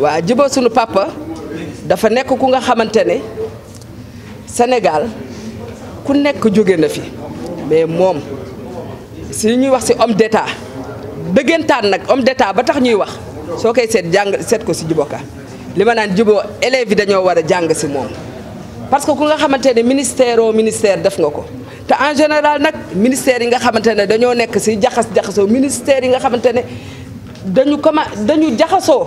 waa Djibo suñu papa dafa nekk ku nga xamante ne Sénégal ku nekk jóge na fi mais moom si ñuy wax si homme d'état dëggantaan nag homme d'état ba tax ñuy wax soo koy seet jàng seet ko si Djibo Ka li ma naan Djibo élèves yi dañoo war a jàng si moom. parce que ku nga xamante ne ministère ministère def nga ko te en général nag ministère yi nga xamante ne dañoo nekk si jaxas jaxasoo ministère yi nga xamante ne dañu comment dañu jaxasoo.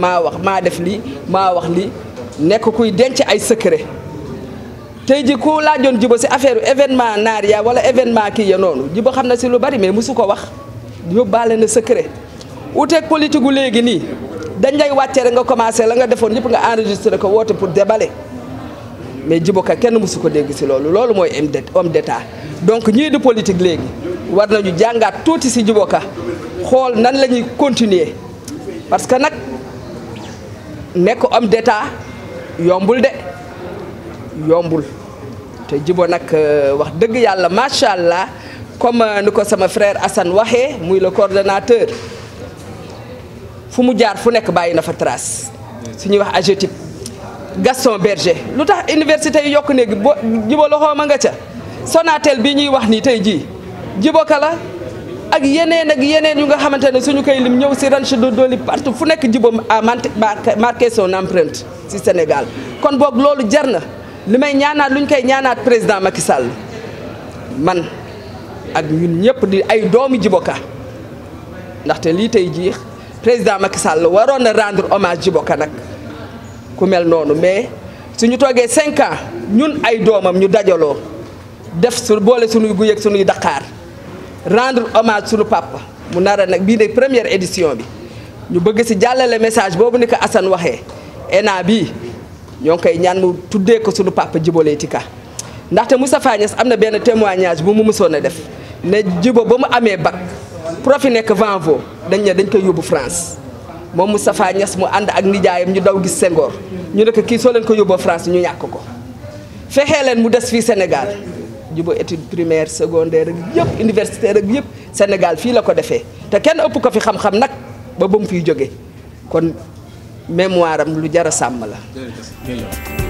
maa wax maa def lii maa wax lii nekk kuy denc ay secret tey ji ku laajoon jibo si affaire événement naar ya wala événement kii ya noonu jibo xam na si lu bari mais mosu ko wax yóbbaale na secret uteeg politique gu léegi nii dañ lay wàcce rek nga commencé la nga defoon yëpp nga enregistré ko woote pour déballer mais jibo ka kenn mosu ko dégg si loolu loolu mooy homme d'état donc ñii di politique léegi war nañu jàngaat tuuti si jibo ka xool nan la ñuy continuer parce nekk homme d'état yombul de yombul te Djibo nag euh, wax dëgg yàlla macha allah comme euh, ni ko sama frère assan waxee muy la coordonnateur fu mu jaar fu nekk bàyyi na fa trace su ñuy wax AGETIP Gaston Berger lu tax université yi yokk néegi bo Djibo loxoom a nga ca Sonatel bi ñuy wax nii tey jii Djibo Kala ak yeneen ak yeneen yu nga xamante ne suñu koy lim ñëw si ranch de Doli partout fu nekk Djibo a ah, marqué son empreinte si Sénégal kon boog loolu jar na li may ñaanaat lu ñu koy ñaanaat président Macky Sall man ak ñun ñëpp di ay doomi Djibo Ka ndaxte lii tey jii président Macky Sall waroon na rendre hommage Djibo Ka nag ku mel noonu mais suñu toogee cinq ñun ay doomam ñu dajaloo def su boole suñuy guy ak suñuy daqaar rendre hommage sunu papa mu nar a nag bii de première édition bi ñu bëgg si jàllale message boobu ni ko Assane waxee ENA bi ñoo ngi koy ñaan mu tuddee ko suñu papa Djibo Leyti Ka ndaxte Moustapha Niasse am na benn témoignage bu mu mësoon a def ne jibo ba mu amee bac profi nekk Vanvo dañ ne dañ koy yóbbu France moom Moustapha Niasse mu ànd ak nijaayam ñu daw gis Senghor ñu nekk kii soo leen ko yóbboo France ñu ñàkk ko fexee leen mu des fii Sénégal juba étude primaire secondaire yépp yëpp universitaire ak yëpp Sénégal fi la ko défé té kenn ëpp ko fi xam-xam nak ba ba mu fiy jóge kon mémoire am lu jar a sàmm la